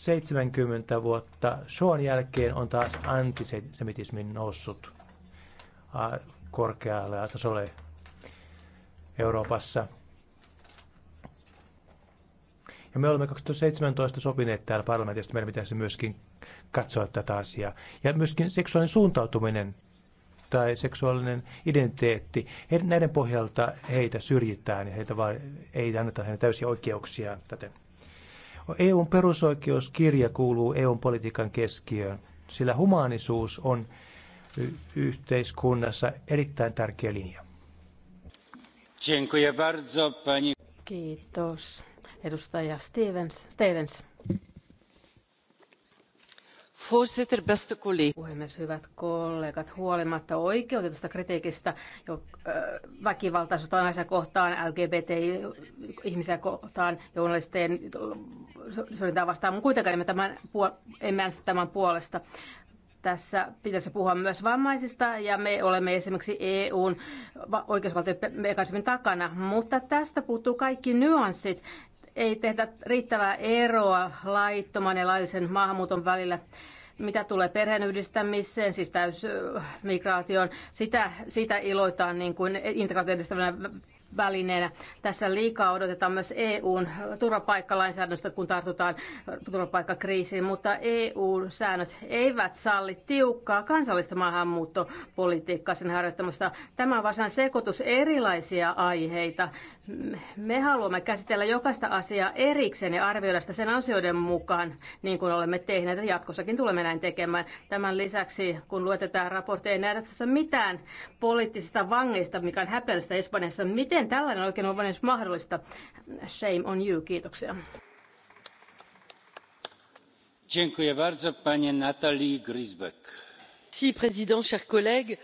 70 vuotta Shoan jälkeen on taas antisemitismin noussut korkealle tasolle Euroopassa. Ja me olemme 2017 sopineet täällä parlamentista, meidän pitäisi myöskin katsoa tätä asiaa. Ja myöskin seksuaalinen suuntautuminen tai seksuaalinen identiteetti, näiden pohjalta heitä syrjitään ja heitä vaan, ei anneta heidän täysiä oikeuksiaan täten. EUn perusoikeuskirja kuuluu EUn politiikan keskiöön, sillä humaanisuus on yhteiskunnassa erittäin tärkeä linja. Kiitos. Edustaja Stevens. Stevens. Puhemies, hyvät kollegat, huolimatta oikeutetusta kritiikistä jo, väkivaltaisuutta naisia kohtaan, LGBT-ihmisiä kohtaan, journalistien syrjintää vastaan, mutta kuitenkaan emme, tämän, emme äänestä tämän puolesta. Tässä pitäisi puhua myös vammaisista ja me olemme esimerkiksi EUn oikeusvaltiomekanismin takana, mutta tästä puuttuu kaikki nyanssit. Ei tehdä riittävää eroa laittoman ja laillisen maahanmuuton välillä mitä tulee perheenyhdistämiseen, siis täysmigraatioon, sitä, sitä iloitaan niin kuin integraatioiden välineenä. Tässä liikaa odotetaan myös EUn turvapaikkalainsäädännöstä, kun tartutaan turvapaikkakriisiin, mutta EU-säännöt eivät salli tiukkaa kansallista maahanmuuttopolitiikkaa sen harjoittamasta. Tämä on varsin sekoitus erilaisia aiheita. Me haluamme käsitellä jokaista asiaa erikseen ja arvioida sitä sen asioiden mukaan, niin kuin olemme tehneet ja jatkossakin tulemme näin tekemään. Tämän lisäksi, kun luetetaan raportteja, ei nähdä tässä mitään poliittisista vangeista, mikä on häpeällistä Espanjassa. Miten Miten tällainen oikein on edes mahdollista? Shame on you. Kiitoksia. Dziękuję bardzo, panie Natalie Grisbeck. Si, president, chers collègues.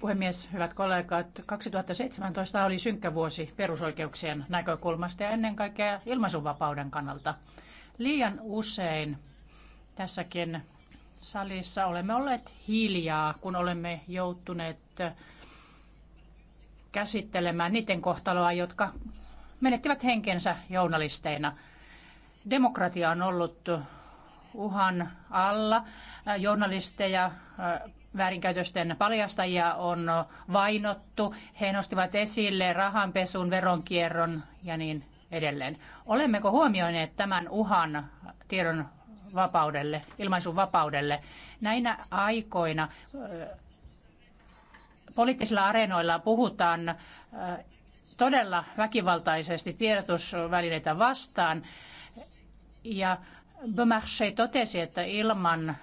Puhemies, hyvät kollegat, 2017 oli synkkä vuosi perusoikeuksien näkökulmasta ja ennen kaikkea ilmaisuvapauden kannalta. Liian usein tässäkin salissa olemme olleet hiljaa, kun olemme joutuneet käsittelemään niiden kohtaloa, jotka menettivät henkensä journalisteina. Demokratia on ollut uhan alla. Journalisteja, äh, väärinkäytösten paljastajia on vainottu. He nostivat esille rahanpesun, veronkierron ja niin edelleen. Olemmeko huomioineet tämän uhan tiedon vapaudelle, ilmaisun vapaudelle? Näinä aikoina äh, poliittisilla areenoilla puhutaan todella väkivaltaisesti tiedotusvälineitä vastaan. Ja Beaumarchais totesi, että ilman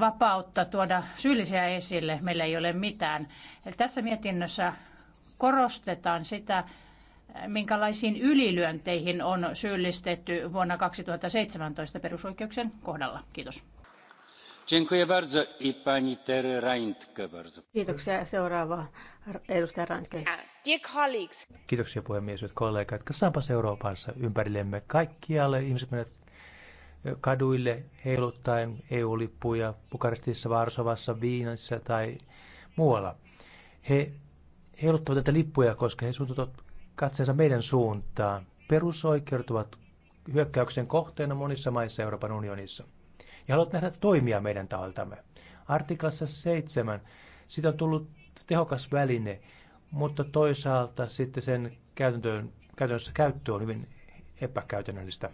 vapautta tuoda syyllisiä esille meillä ei ole mitään. Eli tässä mietinnössä korostetaan sitä, minkälaisiin ylilyönteihin on syyllistetty vuonna 2017 perusoikeuksien kohdalla. Kiitos. Kiitoksia. Seuraava puhemies, hyvät kollegat. Katsotaanpas Euroopassa ympärillemme kaikkialle. Ihmiset menevät kaduille heiluttaen EU-lippuja Bukarestissa, Varsovassa, Viinassa tai muualla. He heiluttavat tätä lippuja, koska he suuntautuvat katseensa meidän suuntaan. Perusoikeudet ovat hyökkäyksen kohteena monissa maissa Euroopan unionissa ja haluat nähdä toimia meidän taholtamme. Artiklassa 7 siitä on tullut tehokas väline, mutta toisaalta sitten sen käytäntöön, käytännössä käyttö on hyvin epäkäytännöllistä.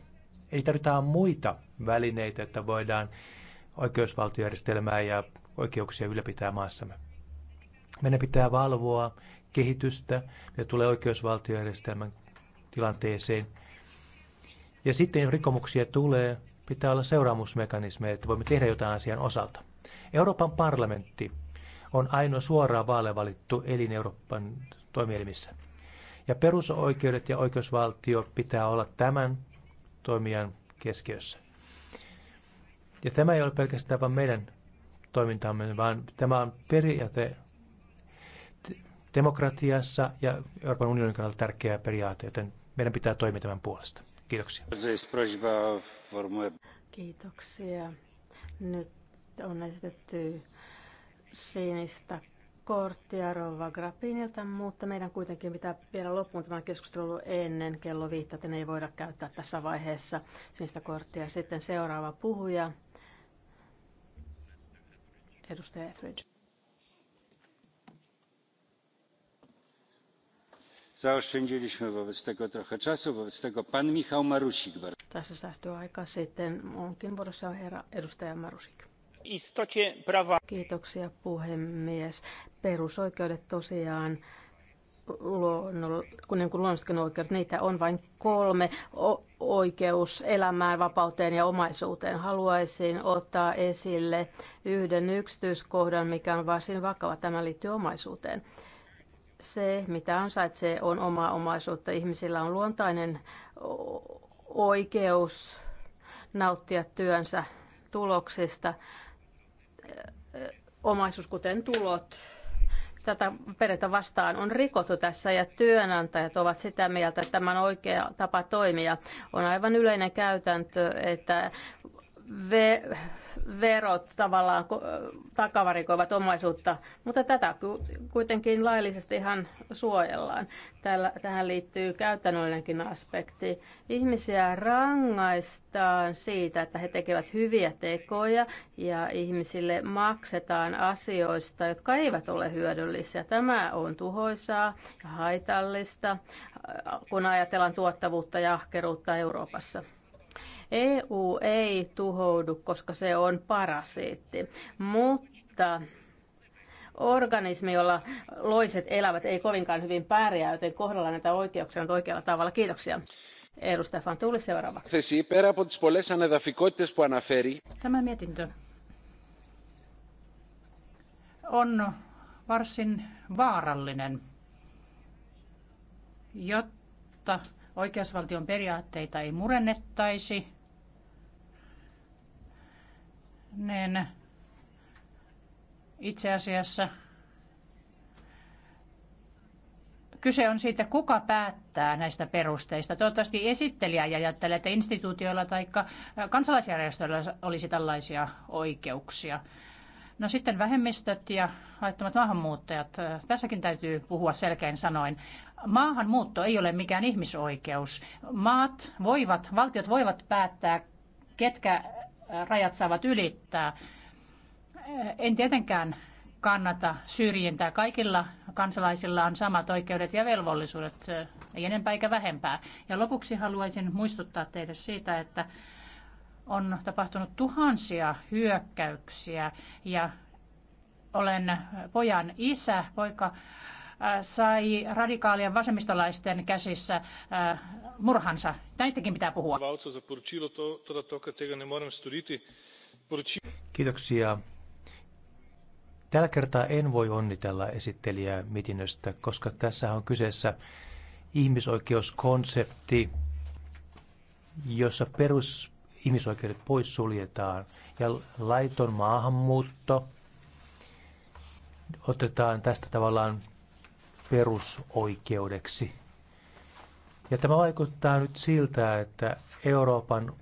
Eli tarvitaan muita välineitä, että voidaan oikeusvaltiojärjestelmää ja oikeuksia ylläpitää maassamme. Meidän pitää valvoa kehitystä, ja tulee oikeusvaltiojärjestelmän tilanteeseen. Ja sitten, jos rikkomuksia tulee, pitää olla seuraamusmekanismeja, että voimme tehdä jotain asian osalta. Euroopan parlamentti on ainoa suoraan vaaleja valittu elin Euroopan toimielimissä. Ja perusoikeudet ja oikeusvaltio pitää olla tämän toimijan keskiössä. Ja tämä ei ole pelkästään vain meidän toimintamme, vaan tämä on periaate demokratiassa ja Euroopan unionin kannalta tärkeä periaate, joten meidän pitää toimia tämän puolesta. Kiitoksia. Kiitoksia. Nyt on esitetty sinistä korttia Rova Grappinilta, mutta meidän kuitenkin pitää vielä loppuun tämän keskustelun ennen kello viittä, että ne ei voida käyttää tässä vaiheessa sinistä korttia. Sitten seuraava puhuja, edustaja Etheridge. Zaoszczędziliśmy wobec tego trochę czasu, wobec tego pan Michał Marusik. Istocie prawa. Kiitoksia puhemies. Perusoikeudet tosiaan luonnolla, kun luonnollisetkin oikeudet, niitä on vain kolme. O- oikeus elämään, vapauteen ja omaisuuteen. Haluaisin ottaa esille yhden yksityiskohdan, mikä on varsin vakava. Tämä liittyy omaisuuteen se, mitä ansaitsee, on omaa omaisuutta. Ihmisillä on luontainen oikeus nauttia työnsä tuloksista. Omaisuus, kuten tulot, tätä periaatetta vastaan on rikottu tässä ja työnantajat ovat sitä mieltä, että tämä on oikea tapa toimia. On aivan yleinen käytäntö, että ve- verot tavallaan takavarikoivat omaisuutta, mutta tätä kuitenkin laillisesti ihan suojellaan. Täällä, tähän liittyy käytännöllinenkin aspekti. Ihmisiä rangaistaan siitä, että he tekevät hyviä tekoja ja ihmisille maksetaan asioista, jotka eivät ole hyödyllisiä. Tämä on tuhoisaa ja haitallista, kun ajatellaan tuottavuutta ja ahkeruutta Euroopassa. EU ei tuhoudu, koska se on parasiitti, mutta organismi, jolla loiset elävät, ei kovinkaan hyvin pärjää, joten kohdalla näitä oikeuksia on oikealla tavalla. Kiitoksia. Edustaja Fantuli seuraavaksi. Tämä mietintö on varsin vaarallinen, jotta oikeusvaltion periaatteita ei murennettaisi – niin itse asiassa kyse on siitä, kuka päättää näistä perusteista. Toivottavasti esittelijä ei ajattele, että instituutioilla tai kansalaisjärjestöillä olisi tällaisia oikeuksia. No sitten vähemmistöt ja laittomat maahanmuuttajat. Tässäkin täytyy puhua selkein sanoin. Maahanmuutto ei ole mikään ihmisoikeus. Maat voivat, valtiot voivat päättää, ketkä rajat saavat ylittää. En tietenkään kannata syrjintää. Kaikilla kansalaisilla on samat oikeudet ja velvollisuudet, ei enempää eikä vähempää. Ja lopuksi haluaisin muistuttaa teille siitä, että on tapahtunut tuhansia hyökkäyksiä ja olen pojan isä. Poika Äh, sai radikaalien vasemmistolaisten käsissä äh, murhansa. Näistäkin pitää puhua. Kiitoksia. Tällä kertaa en voi onnitella esittelijää mietinnöstä, koska tässä on kyseessä ihmisoikeuskonsepti, jossa perus ihmisoikeudet poissuljetaan ja laiton maahanmuutto otetaan tästä tavallaan perusoikeudeksi. Ja tämä vaikuttaa nyt siltä, että Euroopan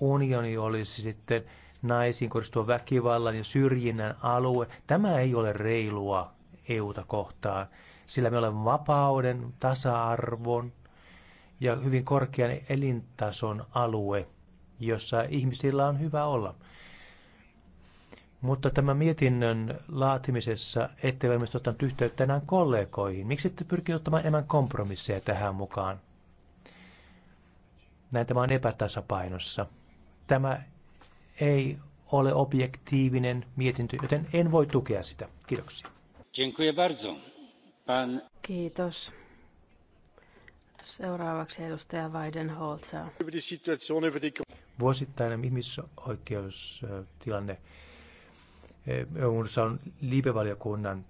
unioni olisi sitten naisiin kohdistuvan väkivallan ja syrjinnän alue. Tämä ei ole reilua EUta kohtaan, sillä me olemme vapauden, tasa-arvon ja hyvin korkean elintason alue, jossa ihmisillä on hyvä olla. Mutta tämän mietinnön laatimisessa ette varmasti ottanut yhteyttä enää kollegoihin. Miksi ette pyrkii ottamaan enemmän kompromisseja tähän mukaan? Näin tämä on epätasapainossa. Tämä ei ole objektiivinen mietintö, joten en voi tukea sitä. Kiitoksia. bardzo. Kiitos. Seuraavaksi edustaja Weidenholzer. Vuosittainen ihmisoikeustilanne Eussa eh, on liipevaliokunnan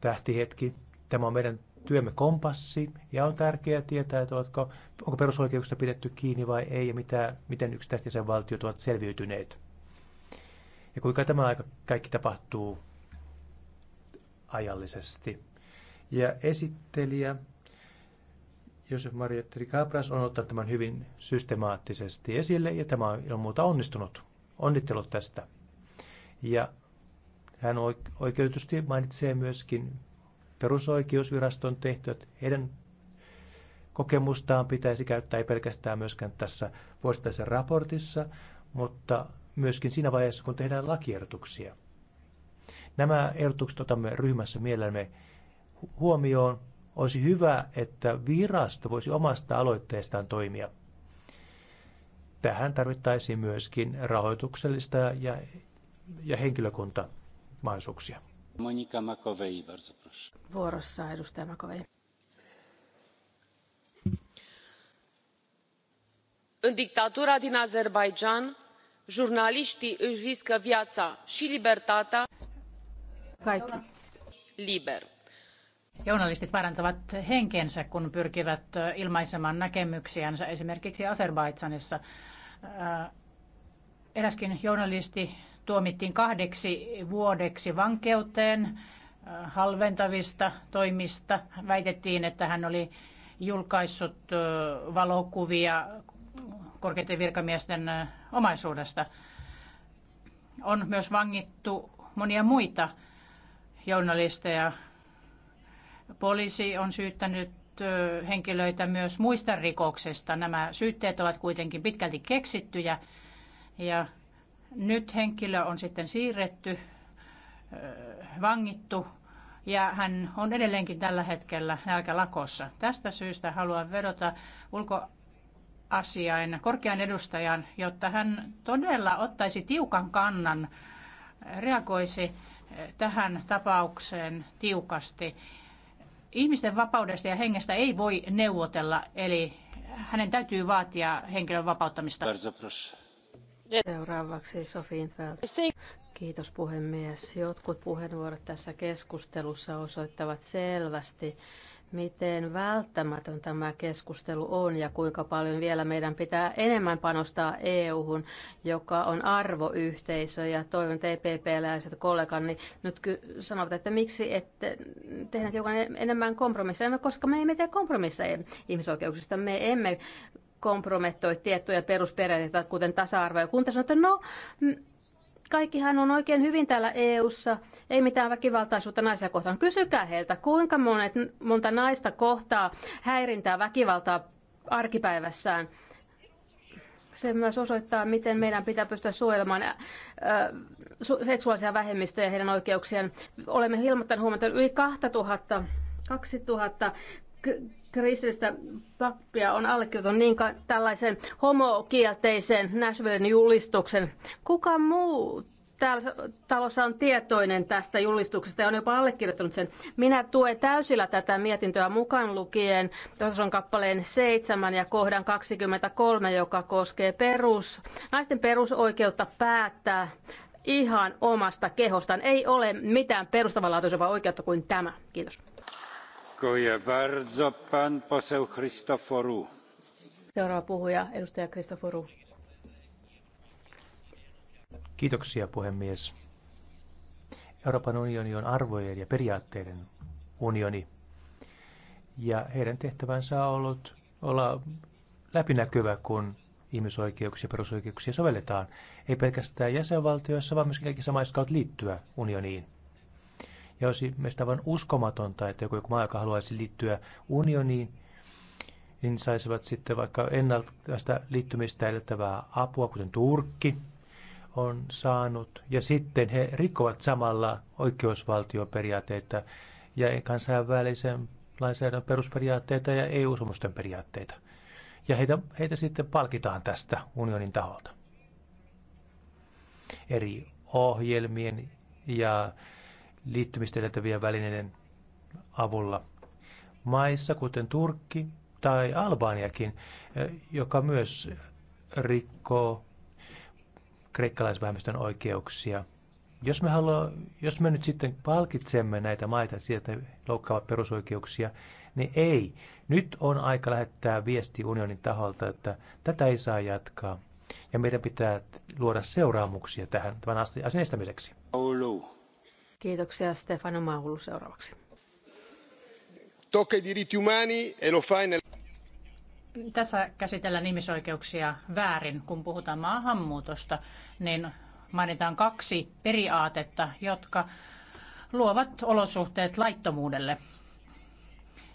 tähtihetki. Tämä on meidän työmme kompassi ja on tärkeää tietää, että oletko, onko perusoikeuksista pidetty kiinni vai ei ja mitä, miten yksittäiset jäsenvaltiot ovat selviytyneet. Ja kuinka tämä aika kaikki tapahtuu ajallisesti. Ja esittelijä Josef Maria Tricabras on ottanut tämän hyvin systemaattisesti esille ja tämä on ilman muuta onnistunut. Onnittelut tästä. Ja hän oikeutusti mainitsee myöskin perusoikeusviraston tehtävät. Heidän kokemustaan pitäisi käyttää ei pelkästään myöskään tässä vuosittaisessa raportissa, mutta myöskin siinä vaiheessa, kun tehdään lakiertuksia. Nämä ehdotukset otamme ryhmässä mielellämme huomioon. Olisi hyvä, että virasto voisi omasta aloitteestaan toimia. Tähän tarvittaisiin myöskin rahoituksellista ja, ja henkilökuntaa mahdollisuuksia. Monika Makovei, bardzo proszę. Vuorossa edustaja Makovei. În dictatura din Azerbaijan, jurnaliștii își riscă viața și libertatea. Kaikki. Liber. Journalistit vaarantavat henkensä, kun pyrkivät ilmaisemaan näkemyksiänsä esimerkiksi Azerbaidsanissa. Eräskin journalisti tuomittiin kahdeksi vuodeksi vankeuteen äh, halventavista toimista. Väitettiin, että hän oli julkaissut äh, valokuvia korkeiden virkamiesten äh, omaisuudesta. On myös vangittu monia muita journalisteja. Poliisi on syyttänyt henkilöitä myös muista rikoksista. Nämä syytteet ovat kuitenkin pitkälti keksittyjä ja nyt henkilö on sitten siirretty, vangittu ja hän on edelleenkin tällä hetkellä nälkälakossa. Tästä syystä haluan vedota ulkoasiain korkean edustajan, jotta hän todella ottaisi tiukan kannan, reagoisi tähän tapaukseen tiukasti. Ihmisten vapaudesta ja hengestä ei voi neuvotella, eli hänen täytyy vaatia henkilön vapauttamista. Seuraavaksi Sofi Kiitos puhemies. Jotkut puheenvuorot tässä keskustelussa osoittavat selvästi, miten välttämätön tämä keskustelu on ja kuinka paljon vielä meidän pitää enemmän panostaa EU-hun, joka on arvoyhteisö. Ja toivon TPP-läiset e kollegani nyt sanovat, että miksi ette tehdä hiukan enemmän kompromisseja, no, koska me emme tee kompromisseja ihmisoikeuksista. Me emme kompromettoi tiettyjä perusperiaatteita, kuten tasa-arvoja. Kun te sanotte, no kaikkihan on oikein hyvin täällä EU-ssa, ei mitään väkivaltaisuutta naisia kohtaan. Kysykää heiltä, kuinka monet, monta naista kohtaa häirintää väkivaltaa arkipäivässään. Se myös osoittaa, miten meidän pitää pystyä suojelemaan seksuaalisia vähemmistöjä ja heidän oikeuksiaan. Olemme ilmoittaneet huomattavasti yli 2000, 2000 kristillistä pappia on allekirjoitettu niin tällaisen homokielteisen Nashvillein julistuksen. Kuka muu täällä talossa on tietoinen tästä julistuksesta ja on jopa allekirjoittanut sen. Minä tuen täysillä tätä mietintöä mukaan lukien tuossa on kappaleen 7 ja kohdan 23, joka koskee perus, naisten perusoikeutta päättää ihan omasta kehostaan. Ei ole mitään perustavanlaatuisempaa oikeutta kuin tämä. Kiitos. Seuraava puhuja, edustaja Kristoforu. Kiitoksia, puhemies. Euroopan unioni on arvojen ja periaatteiden unioni. Ja heidän tehtävänsä on ollut olla läpinäkyvä, kun ihmisoikeuksia ja perusoikeuksia sovelletaan, ei pelkästään jäsenvaltioissa, vaan myöskin kaikissa maissa liittyä unioniin – ja olisi mielestäni vain uskomatonta, että joku, joku maa, joka haluaisi liittyä unioniin, niin saisivat sitten vaikka ennalta liittymistä edeltävää apua, kuten Turkki on saanut. Ja sitten he rikkovat samalla oikeusvaltioperiaatteita ja kansainvälisen lainsäädännön perusperiaatteita ja EU-sopimusten periaatteita. Ja heitä, heitä sitten palkitaan tästä unionin taholta. Eri ohjelmien ja liittymistä edeltävien välineiden avulla. Maissa, kuten Turkki tai Albaniakin, eh, joka myös rikkoo kreikkalaisvähemmistön oikeuksia. Jos me, haluaa, jos me nyt sitten palkitsemme näitä maita sieltä loukkaavat perusoikeuksia, niin ei. Nyt on aika lähettää viesti unionin taholta, että tätä ei saa jatkaa. Ja meidän pitää luoda seuraamuksia tähän tämän asian estämiseksi. Oulu. Kiitoksia Stefano Maulu seuraavaksi. E tässä käsitellään ihmisoikeuksia väärin, kun puhutaan maahanmuutosta, niin mainitaan kaksi periaatetta, jotka luovat olosuhteet laittomuudelle.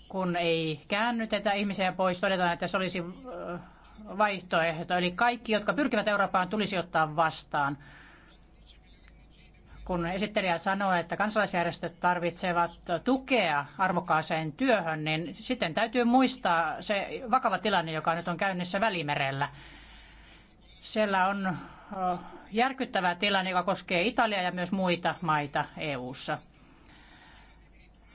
Kun ei käännytetä ihmisiä pois, todetaan, että se olisi vaihtoehto. Eli kaikki, jotka pyrkivät Eurooppaan, tulisi ottaa vastaan kun esittelijä sanoi, että kansalaisjärjestöt tarvitsevat tukea arvokkaaseen työhön, niin sitten täytyy muistaa se vakava tilanne, joka nyt on käynnissä Välimerellä. Siellä on järkyttävä tilanne, joka koskee Italiaa ja myös muita maita EU:ssa.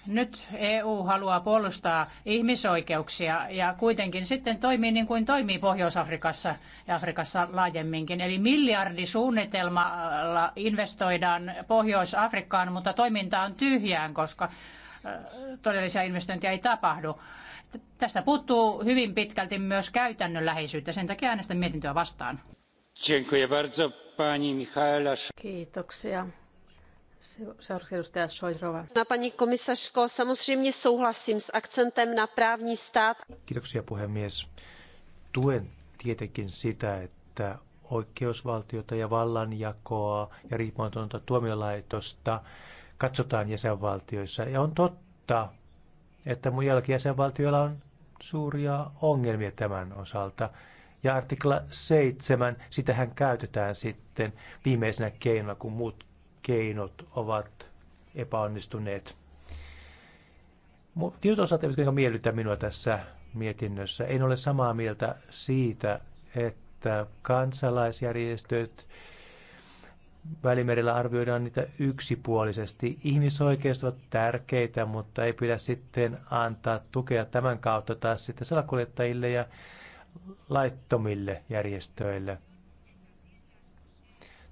Nyt EU haluaa puolustaa ihmisoikeuksia ja kuitenkin sitten toimii niin kuin toimii Pohjois-Afrikassa ja Afrikassa laajemminkin. Eli miljardisuunnitelmalla investoidaan Pohjois-Afrikkaan, mutta toiminta on tyhjään, koska todellisia investointeja ei tapahdu. Tästä puuttuu hyvin pitkälti myös käytännönläheisyyttä. Sen takia äänestän mietintöä vastaan. Kiitoksia paní komisařko samozřejmě souhlasím s akcentem na právní stát. Kiitoksia puhemies. Tuen tietenkin sitä, että oikeusvaltiota ja vallanjakoa ja riippumatonta tuomiolaitosta katsotaan jäsenvaltioissa. Ja on totta, että muillakin jäsenvaltioilla on suuria ongelmia tämän osalta. Ja artikla 7, sitähän käytetään sitten viimeisenä keinona, kun muut keinot ovat epäonnistuneet. Tietyt osat eivät miellytä minua tässä mietinnössä. En ole samaa mieltä siitä, että kansalaisjärjestöt Välimerillä arvioidaan niitä yksipuolisesti. Ihmisoikeudet ovat tärkeitä, mutta ei pidä sitten antaa tukea tämän kautta taas sitten salakuljettajille ja laittomille järjestöille –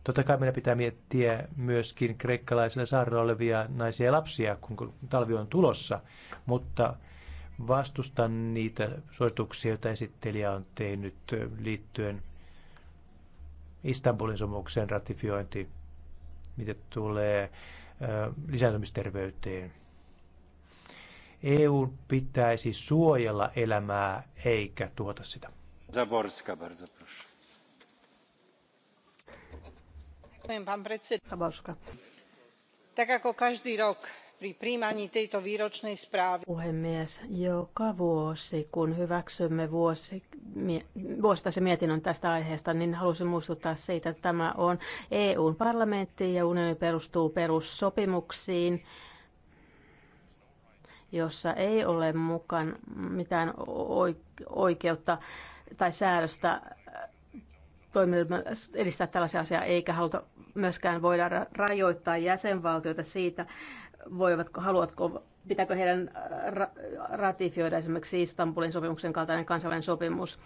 Totta kai meidän pitää miettiä myöskin kreikkalaisilla saarilla olevia naisia ja lapsia, kun talvi on tulossa, mutta vastustan niitä suosituksia, joita esittelijä on tehnyt liittyen Istanbulin sopimuksen ratifiointi, mitä tulee lisääntymisterveyteen. EU pitäisi suojella elämää eikä tuota sitä. Zaborska, bardzo proszę. tak ako každý rok pri prijímaní tejto výročnej správy. Puhemies, joka vuosi kun hyväksymme vuosi, vuosittaisen mietinnön tästä aiheesta, niin halusin muistuttaa siitä, että tämä on EUn parlamentti ja unioni perustuu perussopimuksiin jossa ei ole mukaan mitään oikeutta tai säädöstä toimijoille edistää tällaisia asioita eikä haluta myöskään voida rajoittaa jäsenvaltioita siitä, voivatko, haluatko, pitääkö heidän äh, ratifioida esimerkiksi Istanbulin sopimuksen kaltainen kansainvälinen sopimus.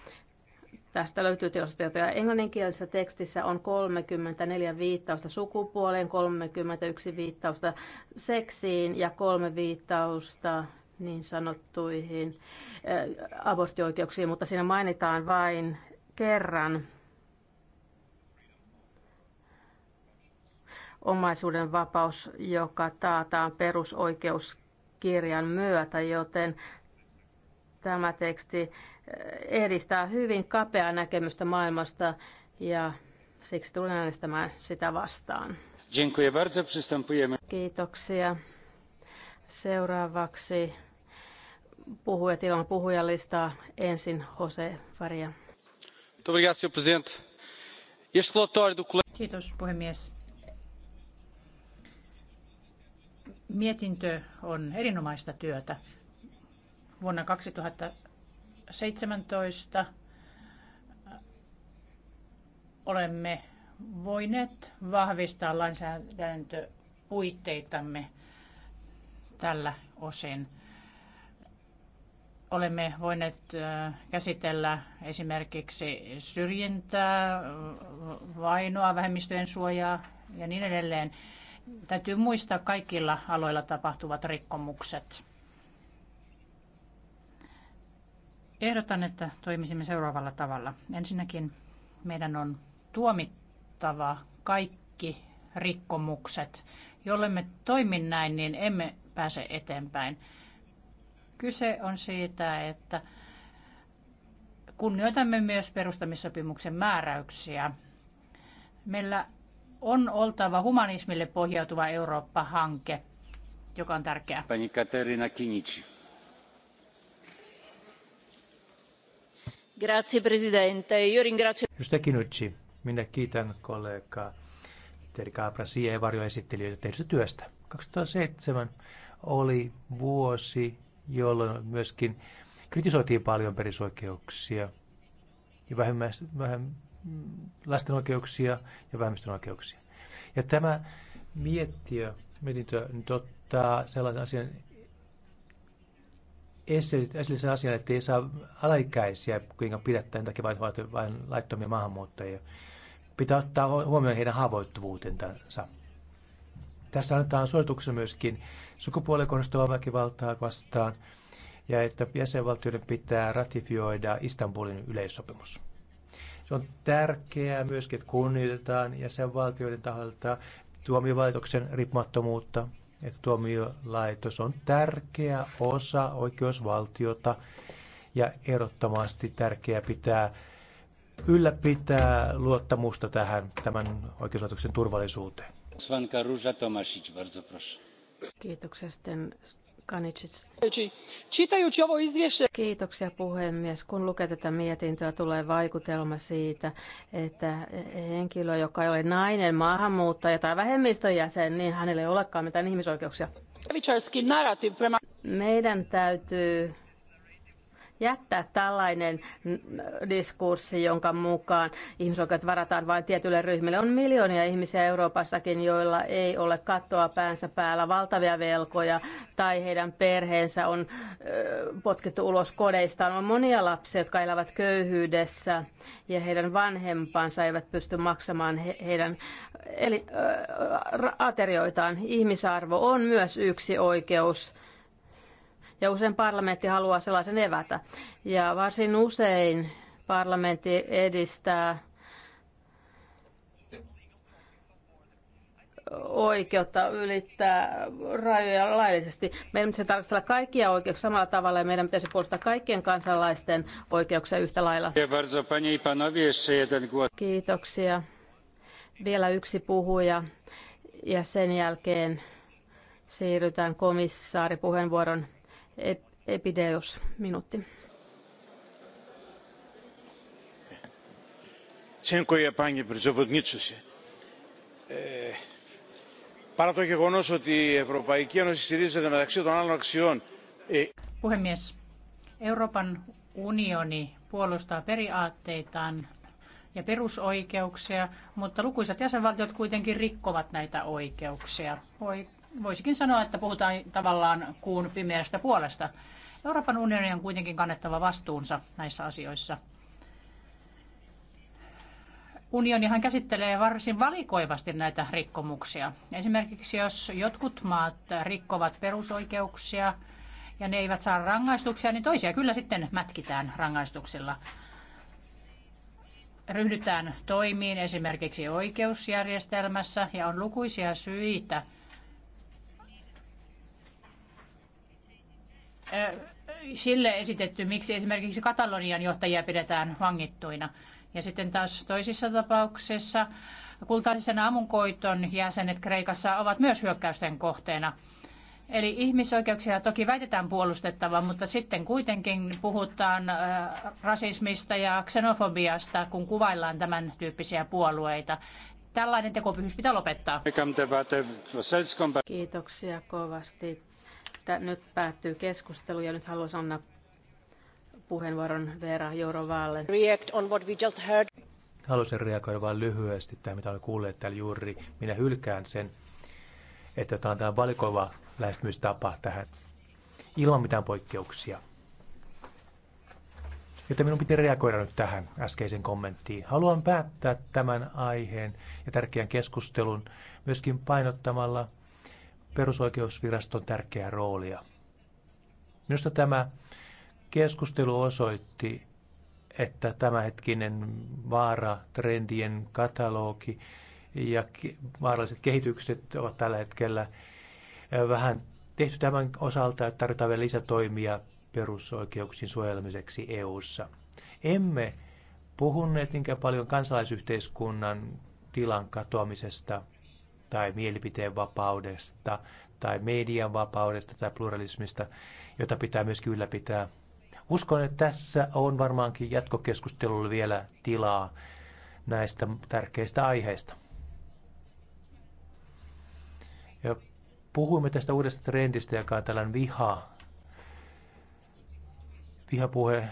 Tästä löytyy tilastotietoja. Englanninkielisessä tekstissä on 34 viittausta sukupuoleen, 31 viittausta seksiin ja kolme viittausta niin sanottuihin äh, aborttioikeuksiin, mutta siinä mainitaan vain kerran omaisuuden vapaus, joka taataan perusoikeuskirjan myötä, joten tämä teksti eh, edistää hyvin kapeaa näkemystä maailmasta ja siksi tulen äänestämään sitä vastaan. Kiitoksia. Seuraavaksi puhujat ilman puhujalistaa. Ensin Jose Faria. Kiitos puhemies. Mietintö on erinomaista työtä. Vuonna 2017 olemme voineet vahvistaa lainsäädäntöpuitteitamme tällä osin. Olemme voineet käsitellä esimerkiksi syrjintää, vainoa, vähemmistöjen suojaa ja niin edelleen. Täytyy muistaa kaikilla aloilla tapahtuvat rikkomukset. Ehdotan, että toimisimme seuraavalla tavalla. Ensinnäkin meidän on tuomittava kaikki rikkomukset. Jollemme toimi näin, niin emme pääse eteenpäin. Kyse on siitä, että kunnioitamme myös perustamissopimuksen määräyksiä. Meillä on oltava humanismille pohjautuva Eurooppa-hanke, joka on tärkeä. Pani Katerina Kinici. Grazie Presidente. Io ringrazio... Edustaja Kinucci, minä kiitän kollegaa Terika Abrasia ja varjoesittelijöitä tehdystä työstä. 2007 oli vuosi, jolloin myöskin kritisoitiin paljon perisoikeuksia ja vähemmän, vähemmän lasten oikeuksia ja vähemmistön oikeuksia. Ja tämä miettiö, mietintö nyt ottaa sellaisen asian esille sen asian, että ei saa alaikäisiä kuinka pidättää sen takia vain, laittomia maahanmuuttajia. Pitää ottaa huomioon heidän haavoittuvuutensa. Tässä annetaan suorituksena myöskin sukupuolen kohdistuvaa väkivaltaa vastaan ja että jäsenvaltioiden pitää ratifioida Istanbulin yleissopimus. Se on tärkeää myöskin, että kunnioitetaan jäsenvaltioiden taholta tuomiovaitoksen riippumattomuutta, että tuomiolaitos on tärkeä osa oikeusvaltiota ja ehdottomasti tärkeää pitää ylläpitää luottamusta tähän tämän oikeuslaitoksen turvallisuuteen. Svanka Ruža Tomasic, bardzo proszę. Kiitoksia sitten Kaničić. Kiitoksia puhemies. Kun lukee tätä mietintöä, tulee vaikutelma siitä, että henkilö, joka ei ole nainen, maahanmuuttaja tai vähemmistön jäsen, niin hänelle ei olekaan mitään ihmisoikeuksia. Meidän täytyy jättää tällainen diskurssi, jonka mukaan ihmisoikeudet varataan vain tietylle ryhmille. On miljoonia ihmisiä Euroopassakin, joilla ei ole kattoa päänsä päällä, valtavia velkoja tai heidän perheensä on potkittu ulos kodeistaan. On monia lapsia, jotka elävät köyhyydessä ja heidän vanhempansa eivät pysty maksamaan heidän eli, aterioitaan. Ihmisarvo on myös yksi oikeus ja usein parlamentti haluaa sellaisen evätä. Ja varsin usein parlamentti edistää oikeutta ylittää rajoja laillisesti. Meidän pitäisi tarkastella kaikkia oikeuksia samalla tavalla ja meidän pitäisi puolustaa kaikkien kansalaisten oikeuksia yhtä lailla. Kiitoksia. Vielä yksi puhuja ja sen jälkeen siirrytään komissaaripuheenvuoron Epideus, minuutti. Dziękuję panie przewodniczący. Παρά το γεγονός ότι η Ευρωπαϊκή Ένωση στηρίζεται μεταξύ των άλλων αξιών. Puhemies, Euroopan unioni puolustaa periaatteitaan ja perusoikeuksia, mutta lukuisat jäsenvaltiot kuitenkin rikkovat näitä oikeuksia. Voisikin sanoa, että puhutaan tavallaan kuun pimeästä puolesta. Euroopan unioni on kuitenkin kannettava vastuunsa näissä asioissa. Unionihan käsittelee varsin valikoivasti näitä rikkomuksia. Esimerkiksi jos jotkut maat rikkovat perusoikeuksia ja ne eivät saa rangaistuksia, niin toisia kyllä sitten mätkitään rangaistuksilla. Ryhdytään toimiin esimerkiksi oikeusjärjestelmässä ja on lukuisia syitä – sille esitetty, miksi esimerkiksi Katalonian johtajia pidetään vangittuina. Ja sitten taas toisissa tapauksissa kultaisen aamunkoiton jäsenet Kreikassa ovat myös hyökkäysten kohteena. Eli ihmisoikeuksia toki väitetään puolustettavan, mutta sitten kuitenkin puhutaan rasismista ja xenofobiasta, kun kuvaillaan tämän tyyppisiä puolueita. Tällainen tekopyhys pitää lopettaa. Kiitoksia kovasti nyt päättyy keskustelu ja nyt haluaisin antaa puheenvuoron Vera Jourovalle. React on what we just heard. Haluaisin reagoida vain lyhyesti tähän, mitä olen kuullut täällä juuri. Minä hylkään sen, että on tämä valikoiva lähestymistapa tähän ilman mitään poikkeuksia. Joten minun piti reagoida nyt tähän äskeiseen kommenttiin. Haluan päättää tämän aiheen ja tärkeän keskustelun myöskin painottamalla – perusoikeusviraston tärkeää roolia. Minusta tämä keskustelu osoitti, että tämänhetkinen vaara, trendien katalogi ja vaaralliset kehitykset ovat tällä hetkellä vähän tehty tämän osalta, että tarvitaan vielä lisätoimia perusoikeuksien eu EU:ssa. Emme puhuneet niinkään paljon kansalaisyhteiskunnan tilan katoamisesta tai mielipiteen vapaudesta tai median vapaudesta tai pluralismista, jota pitää myös ylläpitää. Uskon, että tässä on varmaankin jatkokeskustelulla vielä tilaa näistä tärkeistä aiheista. Ja puhuimme tästä uudesta trendistä, joka on tällainen viha, vihapuhe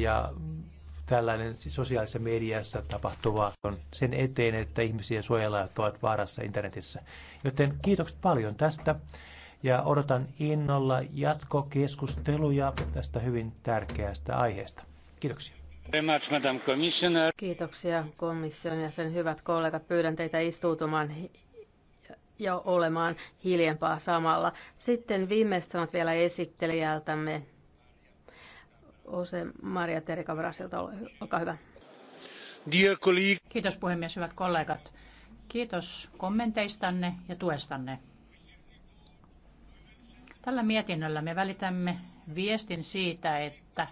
ja tällainen siis sosiaalisessa mediassa tapahtuva on sen eteen, että ihmisiä suojellaan, jotka ovat vaarassa internetissä. Joten kiitokset paljon tästä ja odotan innolla jatkokeskusteluja tästä hyvin tärkeästä aiheesta. Kiitoksia. Kiitoksia komission ja sen hyvät kollegat. Pyydän teitä istuutumaan ja olemaan hiljempaa samalla. Sitten viimeistä vielä esittelijältämme Ose Maria Terika Varasilta, olkaa hyvä. Kiitos puhemies, hyvät kollegat. Kiitos kommenteistanne ja tuestanne. Tällä mietinnöllä me välitämme viestin siitä, että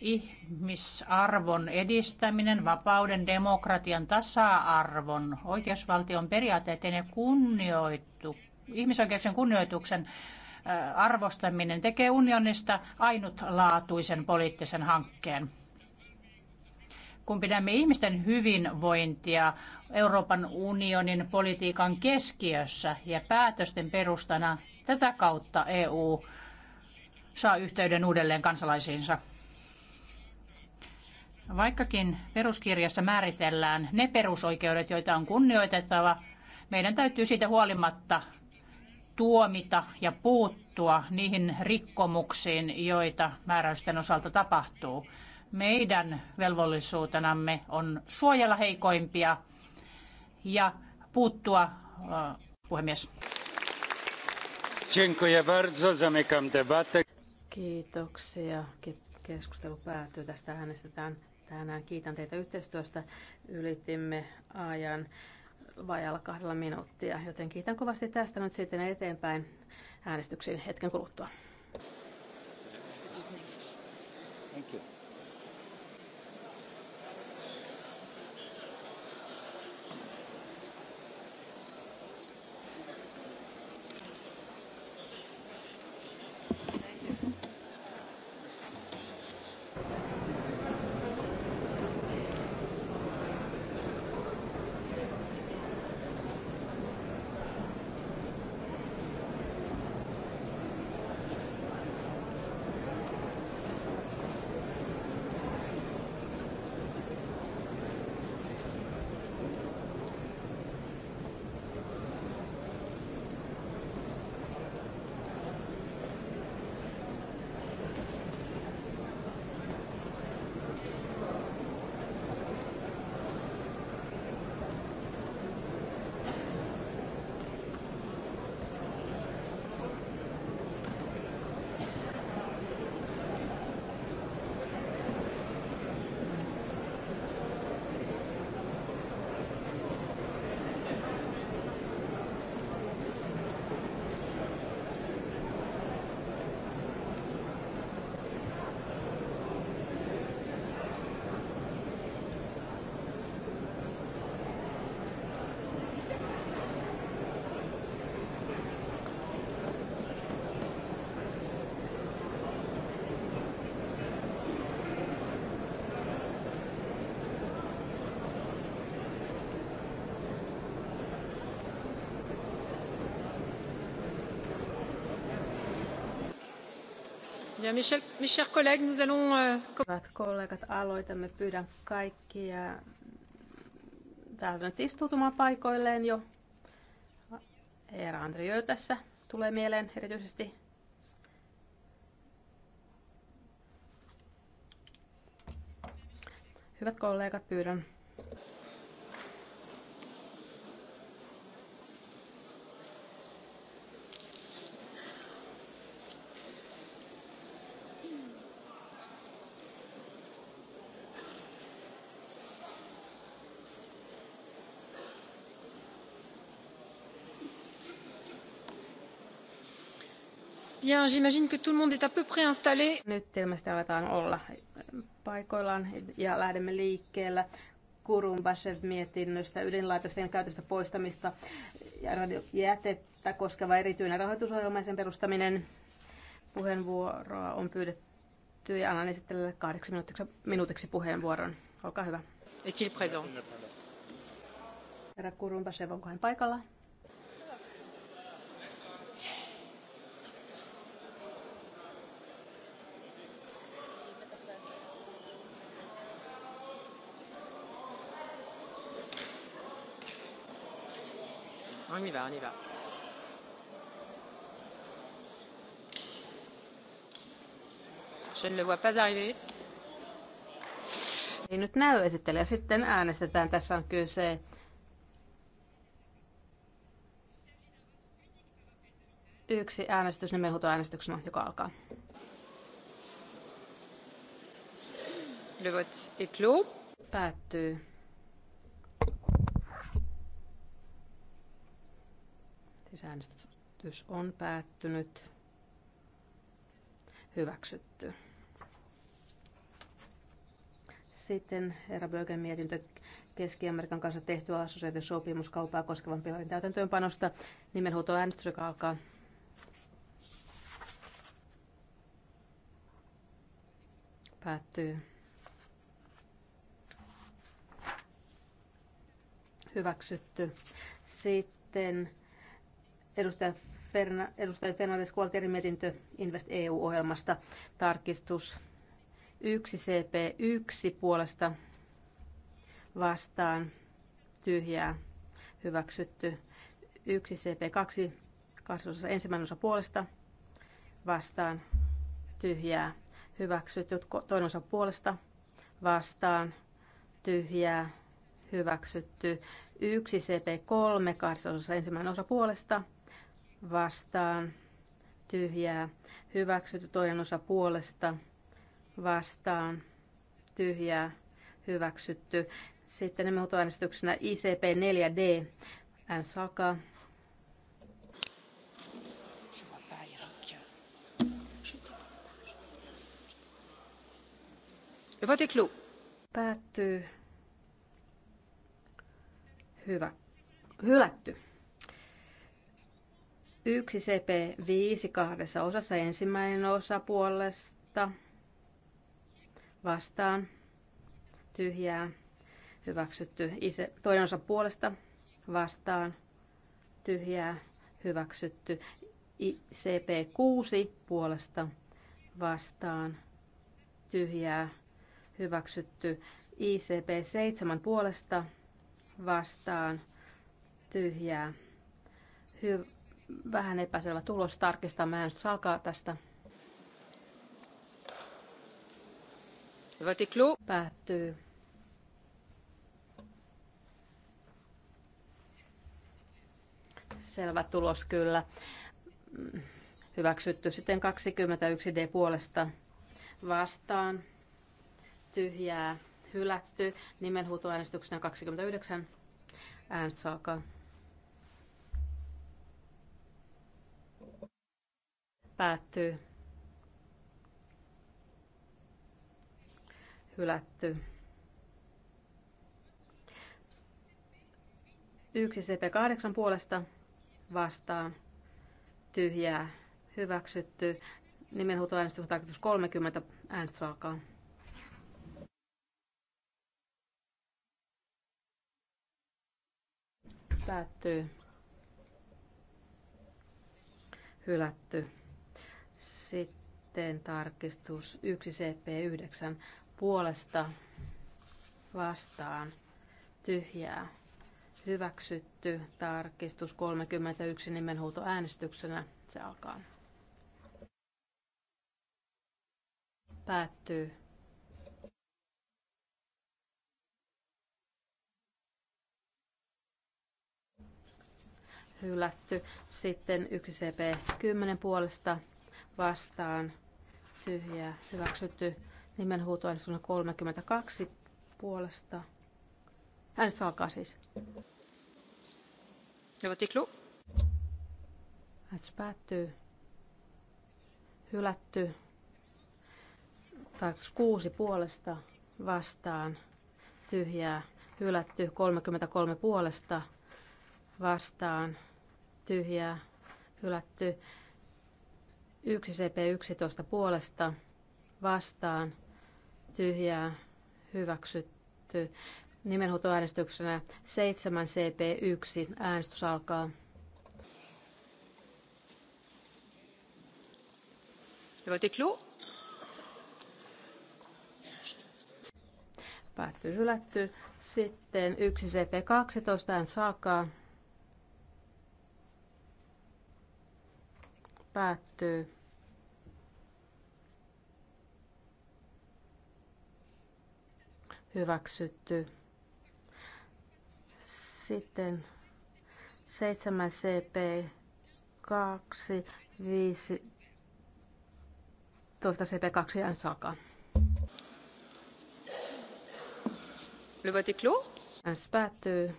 ihmisarvon edistäminen, vapauden, demokratian, tasa-arvon, oikeusvaltion periaatteiden ja kunnioitu, ihmisoikeuksien kunnioituksen Äh, arvostaminen tekee unionista ainutlaatuisen poliittisen hankkeen. Kun pidämme ihmisten hyvinvointia Euroopan unionin politiikan keskiössä ja päätösten perustana, tätä kautta EU saa yhteyden uudelleen kansalaisiinsa. Vaikkakin peruskirjassa määritellään ne perusoikeudet, joita on kunnioitettava, meidän täytyy siitä huolimatta tuomita ja puuttua niihin rikkomuksiin, joita määräysten osalta tapahtuu. Meidän velvollisuutenamme on suojella heikoimpia ja puuttua, puhemies. bardzo, zamykam Kiitoksia. Keskustelu päättyy. Tästä äänestetään tänään. Kiitän teitä yhteistyöstä. Ylitimme ajan vajalla kahdella minuuttia, joten kiitän kovasti tästä nyt sitten eteenpäin äänestyksiin hetken kuluttua. Thank you. Eh, euh, Hyvät kollegat, aloitamme. Pyydän kaikkia täältä nyt paikoilleen jo. Eera Andriö tässä tulee mieleen erityisesti. Hyvät kollegat, pyydän Bien, j'imagine que tout le monde est à peu près installé. Nyt ilmeisesti aletaan olla paikoillaan ja lähdemme liikkeelle. Kurun Bashev mietinnöstä ydinlaitosten käytöstä poistamista ja radiojätettä koskeva erityinen rahoitusohjelma ja sen perustaminen. Puheenvuoroa on pyydetty ja annan esittelylle kahdeksan minuutiksi, minuutiksi puheenvuoron. Olkaa hyvä. Est-il présent? Herra Kurun Bashev, onko hän paikalla? on y va, on y va. Je ne le vois pas arriver. Ei nyt näy esittelijä. Sitten äänestetään. Tässä on kyse yksi äänestys nimenhuutoäänestyksenä, joka alkaa. Le vote est clos. Päättyy. äänestys on päättynyt. Hyväksytty. Sitten herra Bögen mietintö Keski-Amerikan kanssa tehtyä assosiaatiosopimuskauppaa koskevan pilarin täytäntöönpanosta. äänestys, joka alkaa. Päättyy. Hyväksytty. Sitten Edustaja Ferna, edustaja Fernandes Kualtierin mietintö Invest EU-ohjelmasta tarkistus 1 CP1 puolesta vastaan tyhjää hyväksytty 1 CP2 kahdessa ensimmäinen osa puolesta vastaan tyhjää hyväksytty toinen osa puolesta vastaan tyhjää hyväksytty 1 CP3 kahdessa ensimmäinen osa puolesta vastaan tyhjää hyväksytty, toinen osa puolesta vastaan tyhjää hyväksytty. Sitten äänestyksenä ICP 4D, N. Saka. Päättyy. Hyvä. Hylätty. Yksi CP5 kahdessa osassa ensimmäinen osa puolesta vastaan tyhjää hyväksytty. Ise, toinen osa puolesta vastaan tyhjää hyväksytty. CP6 puolesta vastaan tyhjää hyväksytty. ICP 7 puolesta vastaan tyhjää hy- vähän epäselvä tulos. Tarkistamme äänestys alkaa tästä. Vatiklu. Päättyy. Selvä tulos kyllä. Hyväksytty sitten 21D puolesta vastaan. Tyhjää hylätty. Nimenhuutoäänestyksenä 29. Äänestys alkaa. Päättyy. Hylätty. Yksi CP8 puolesta vastaan. Tyhjää. Hyväksytty. Nimenhuutoäänestys tarkoitus 30. Äänestys alkaa. Päättyy. Hylätty. Sitten tarkistus 1 CP9 puolesta vastaan tyhjää. Hyväksytty tarkistus 31 nimenhuuto äänestyksenä. Se alkaa. Päättyy. hylätty. Sitten 1CP10 puolesta vastaan tyhjää hyväksytty. nimenhuuto on 32 puolesta. hän alkaa siis. Neuvottiklu. Äänestys päättyy. Hylätty. Tarkoitus kuusi puolesta vastaan. Tyhjää. Hylätty. 33 puolesta vastaan. Tyhjää. Hylätty. 1 CP11 puolesta vastaan tyhjää hyväksytty. Nimenhuutoäänestyksenä 7 CP1. Äänestys alkaa. Päättyy hylätty. Sitten 1 CP12 äänestys alkaa. Päättyy. Hyväksytty. Sitten 7 CP 2 5 toista CP2 ja Saka. Le vote est clos. päättyy.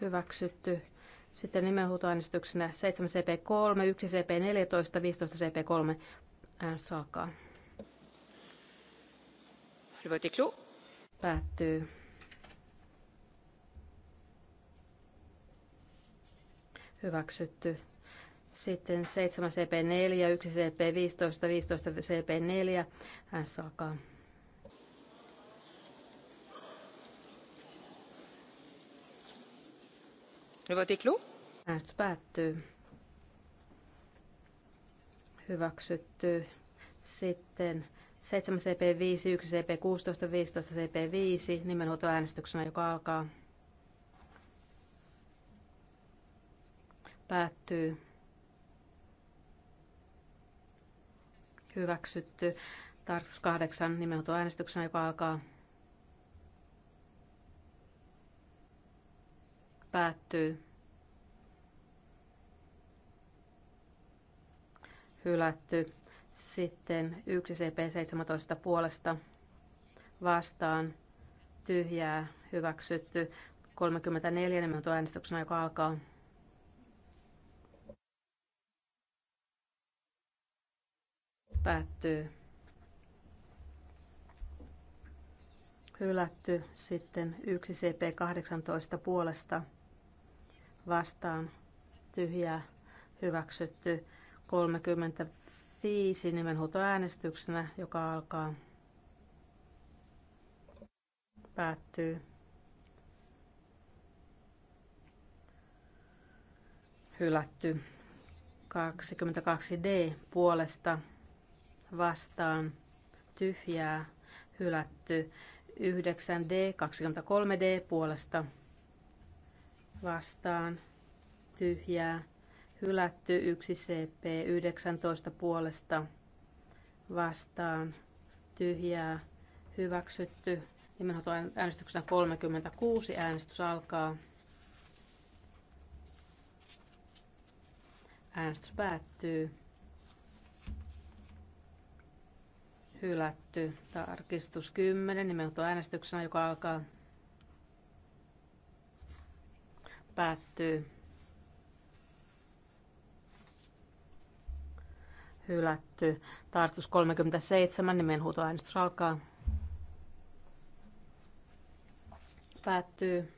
Hyväksytty. Sitten nimenhuutoäänestyksenä 7 CP3, 1 CP14, 15 CP3. Äänestys alkaa. Päättyy. Hyväksytty. Sitten 7 CP4, 1 CP15, 15 CP4. Äänestys alkaa. Le vote est clos. Äänestys päättyy. Hyväksytty. Sitten 7 CP5, 1 CP16, 15 CP5 nimenhuoltoäänestyksenä, joka alkaa. Päättyy. Hyväksytty. Tarkoitus 8 nimenhuoltoäänestyksenä, joka alkaa. Päättyy. Hylätty. Sitten 1 CP17 puolesta vastaan tyhjää hyväksytty. 34 minuutin äänestyksen joka alkaa. Päättyy. Hylätty sitten 1 CP18 puolesta vastaan tyhjää hyväksytty 35 nimenhuutoäänestyksenä, joka alkaa päättyy. Hylätty 22D puolesta vastaan tyhjää hylätty 9D 23D puolesta vastaan tyhjää hylätty 1 CP 19 puolesta vastaan tyhjää hyväksytty. Nimenhoitoäänestyksenä äänestyksenä 36 äänestys alkaa. Äänestys päättyy. Hylätty. Tarkistus 10 nimenhoitoäänestyksenä, äänestyksenä, joka alkaa. Päättyy. Hylätty. Tartus 37. Nimenhuutoäänestys alkaa. Päättyy.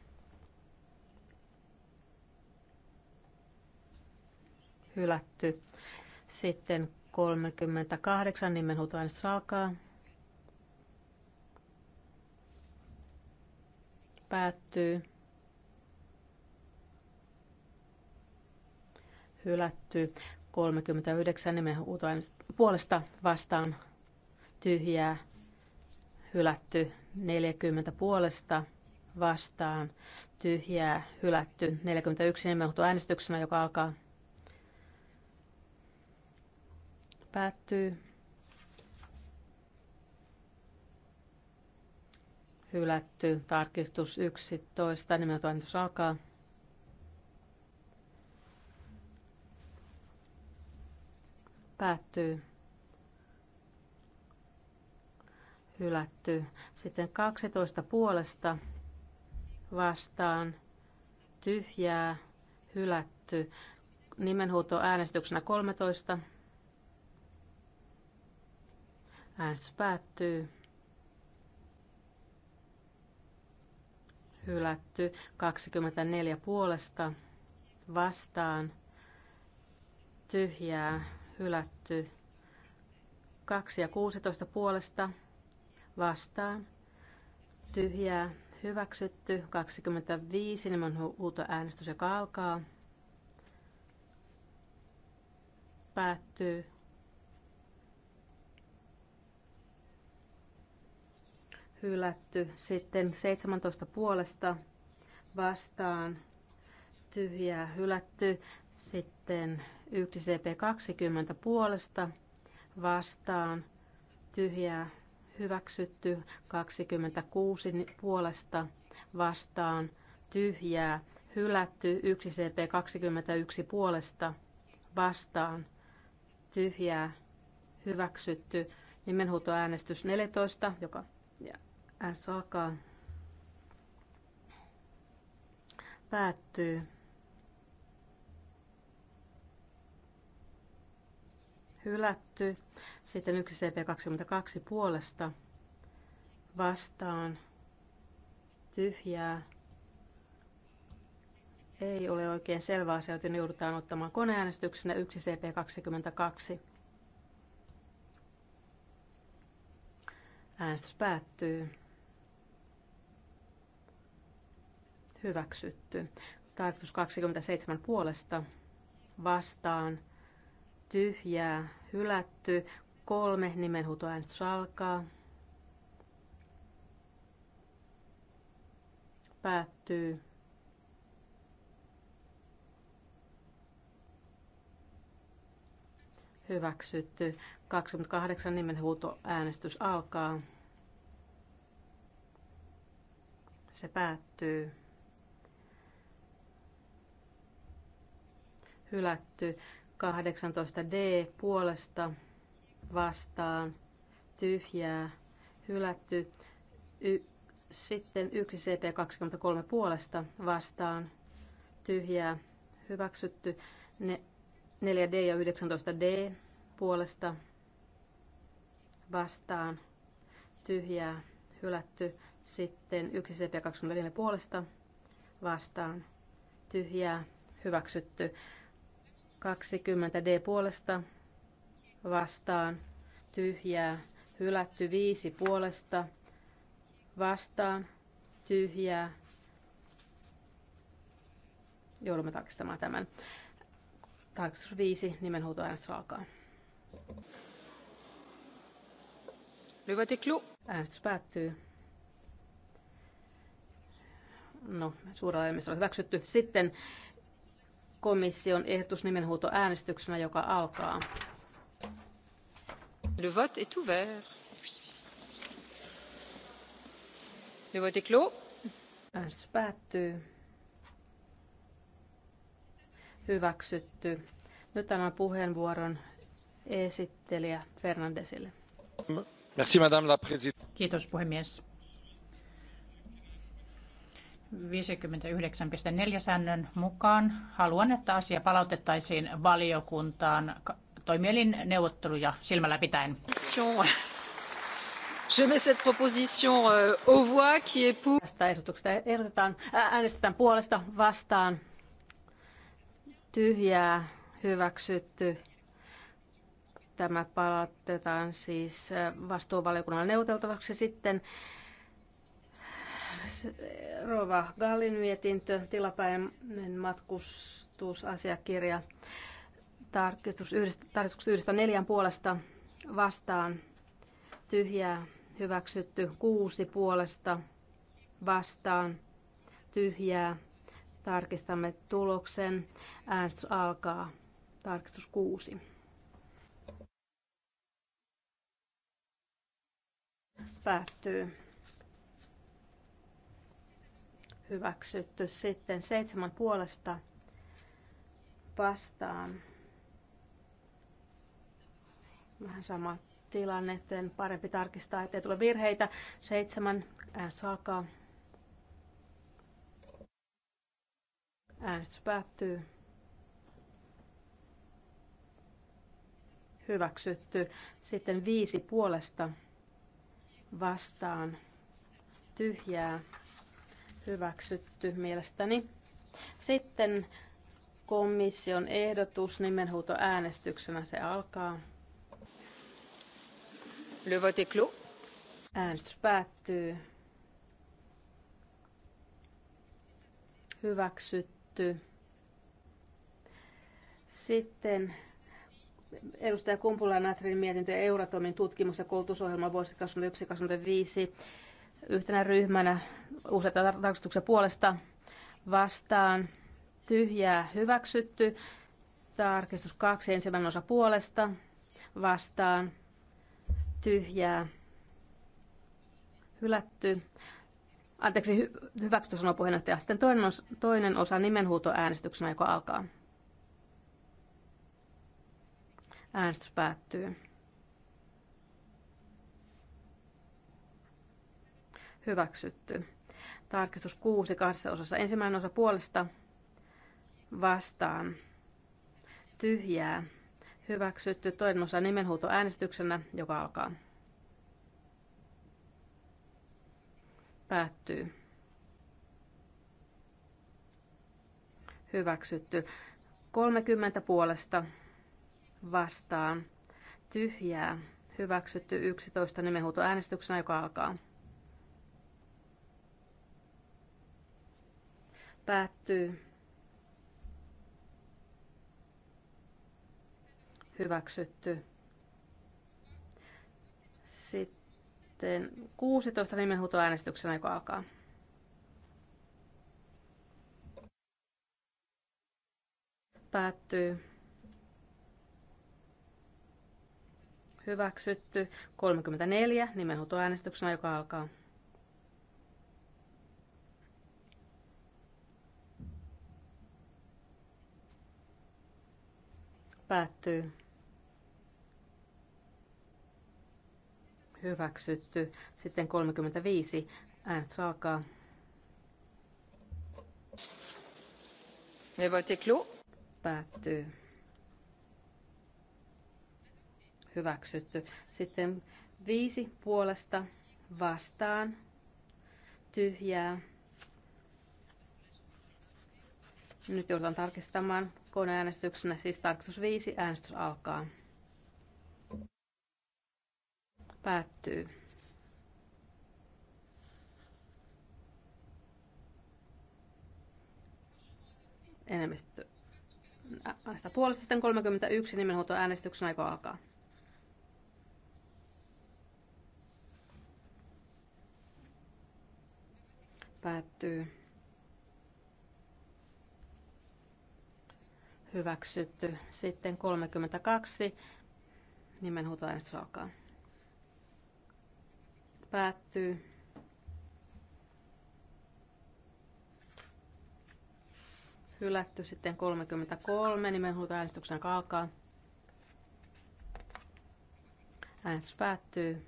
Hylätty. Sitten 38 nimenhuutoäänestys alkaa. Päättyy. hylätty. 39 nimen puolesta vastaan tyhjää hylätty. 40 puolesta vastaan tyhjää hylätty. 41 nimen äänestyksenä, joka alkaa päättyy. Hylätty. Tarkistus 11. Nimenhoitoäänestys alkaa. Päättyy. Hylätty. Sitten 12 puolesta vastaan. Tyhjää. Hylätty. Nimenhuuto äänestyksenä 13. Äänestys päättyy. Hylätty 24 puolesta vastaan. Tyhjää hylätty. 2 ja 16 puolesta vastaan tyhjää hyväksytty. 25 nimen huuto äänestys, joka alkaa. Päättyy. Hylätty. Sitten 17 puolesta vastaan tyhjää hylätty. Sitten 1 CP20 puolesta vastaan tyhjää hyväksytty 26 puolesta vastaan tyhjää hylätty 1 CP21 puolesta vastaan tyhjää hyväksytty nimenhuutoäänestys 14, joka äänestys alkaa, päättyy. hylätty. Sitten 1 CP22 puolesta vastaan tyhjää. Ei ole oikein selvä asia, joten joudutaan ottamaan koneäänestyksenä 1 CP22. Äänestys päättyy. Hyväksytty. Tarkoitus 27 puolesta vastaan tyhjää hylätty. Kolme nimenhuutoäänestys alkaa. Päättyy. Hyväksytty. 28 nimenhuutoäänestys alkaa. Se päättyy. Hylätty. 18D puolesta vastaan tyhjää hylätty. Y- sitten 1 CP23 puolesta vastaan tyhjää hyväksytty. Ne 4D ja 19D puolesta vastaan tyhjää hylätty. Sitten 1 CP24 puolesta vastaan tyhjää hyväksytty. 20 D puolesta vastaan tyhjää hylätty 5 puolesta vastaan tyhjää. Joudumme tarkistamaan tämän. Tarkistus 5, nimenhuutoäänestys alkaa. Äänestys päättyy. No, suurella enemmistöllä hyväksytty. Sitten komission ehdotus nimenhuuto äänestyksenä, joka alkaa. Le vote est ouvert. Le vote est clos. Äänestys päättyy. Hyväksytty. Nyt annan puheenvuoron esittelijä Fernandesille. Merci, madame la Kiitos puhemies 59.4 säännön mukaan haluan, että asia palautettaisiin valiokuntaan toimielin neuvotteluja silmällä pitäen. Je mets cette proposition euh, voix qui est pour. Tästä ehdotuksesta ehdotetaan, äänestetään puolesta vastaan. Tyhjää hyväksytty. Tämä palautetaan siis vastuuvaliokunnalle neuvoteltavaksi sitten. Rova Gallin mietintö, tilapäinen matkustusasiakirja, tarkistus yhdestä, tarkistus yhdestä neljän puolesta vastaan, tyhjää hyväksytty kuusi puolesta vastaan, tyhjää. Tarkistamme tuloksen. Äänestys alkaa. Tarkistus kuusi. Päättyy hyväksytty. Sitten seitsemän puolesta vastaan. Vähän sama tilanne, että parempi tarkistaa, ettei tule virheitä. Seitsemän äänestys alkaa. Äänestys päättyy. Hyväksytty. Sitten viisi puolesta vastaan. Tyhjää Hyväksytty mielestäni. Sitten komission ehdotus nimenhuuto äänestyksenä se alkaa. Le vote est clos. Äänestys päättyy. Hyväksytty. Sitten edustaja Kumpula Natrin mietintö Euratomin tutkimus- ja koulutusohjelma vuosi 2021-2025 yhtenä ryhmänä useita tarkastuksen puolesta vastaan tyhjää hyväksytty. Tarkistus kaksi ensimmäinen osa puolesta vastaan tyhjää hylätty. Anteeksi, hy- hyväksytty sanoo puheenjohtaja. Sitten toinen, os- toinen osa äänestyksenä, joka alkaa. Äänestys päättyy. hyväksytty. Tarkistus 6 kahdessa osassa. Ensimmäinen osa puolesta vastaan tyhjää hyväksytty. Toinen osa nimenhuuto äänestyksenä, joka alkaa. Päättyy. Hyväksytty. 30 puolesta vastaan tyhjää hyväksytty 11 nimenhuuto äänestyksenä, joka alkaa. Päättyy. Hyväksytty. Sitten 16 nimenhuutoäänestyksenä, joka alkaa. Päättyy. Hyväksytty. 34 nimenhuutoäänestyksenä, joka alkaa. Päättyy. Hyväksytty. Sitten 35. Äänet saakaa. Päättyy. Hyväksytty. Sitten viisi puolesta vastaan. Tyhjää. Nyt joudutaan tarkistamaan koneäänestyksenä, siis tarkistus 5, äänestys alkaa. Päättyy. Enemmistö Näistä puolesta sitten 31 nimenhuuto äänestyksen aika alkaa. Päättyy. hyväksytty. Sitten 32, nimenhuutoäänestys alkaa. Päättyy. Hylätty sitten 33, nimenhuutoäänestyksen alkaa. Äänestys päättyy.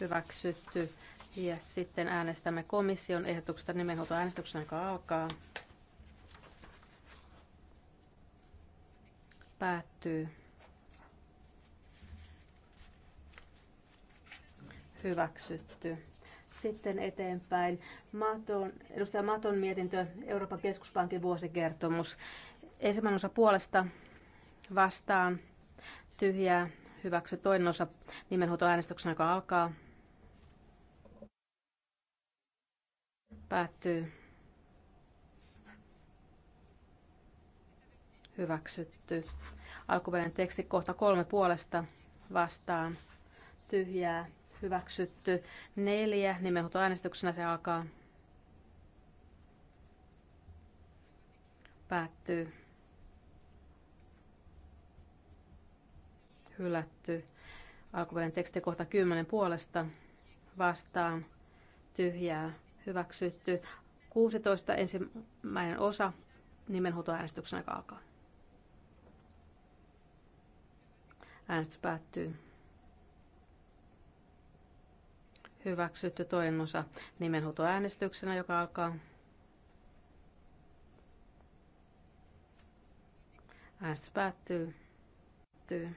Hyväksytty ja sitten äänestämme komission ehdotuksesta nimenhuoltoäänestyksen, joka alkaa. Päättyy. Hyväksytty. Sitten eteenpäin Maton, edustaja Maton mietintö, Euroopan keskuspankin vuosikertomus. Ensimmäinen osa puolesta vastaan tyhjää hyväksy toinen osa nimenhuutoäänestyksen, joka alkaa. Päättyy. Hyväksytty. Alkuperäinen teksti kohta kolme puolesta vastaan. Tyhjää. Hyväksytty. Neljä. äänestyksenä se alkaa. Päättyy. Hylätty. Alkuperäinen teksti kohta kymmenen puolesta vastaan tyhjää hyväksytty. 16 ensimmäinen osa nimenhuutoäänestyksen aika alkaa. Äänestys päättyy. Hyväksytty toinen osa nimenhuutoäänestyksenä, joka alkaa. Äänestys päättyy. päättyy.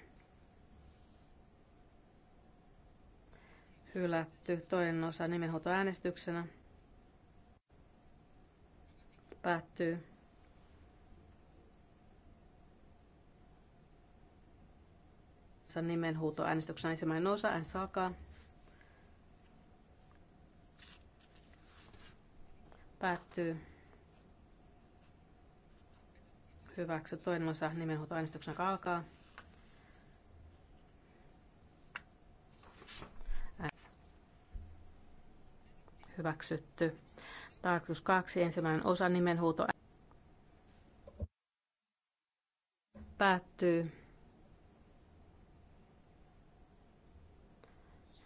Hylätty toinen osa nimenhuutoäänestyksenä. Päättyy. huuto äänestyksen ensimmäinen osa. Äänestys alkaa. Päättyy. Hyväksy. Toinen osa nimenhuuto äänestyksen alkaa. hyväksytty. Tarkoitus kaksi, ensimmäinen osa nimenhuuto päättyy.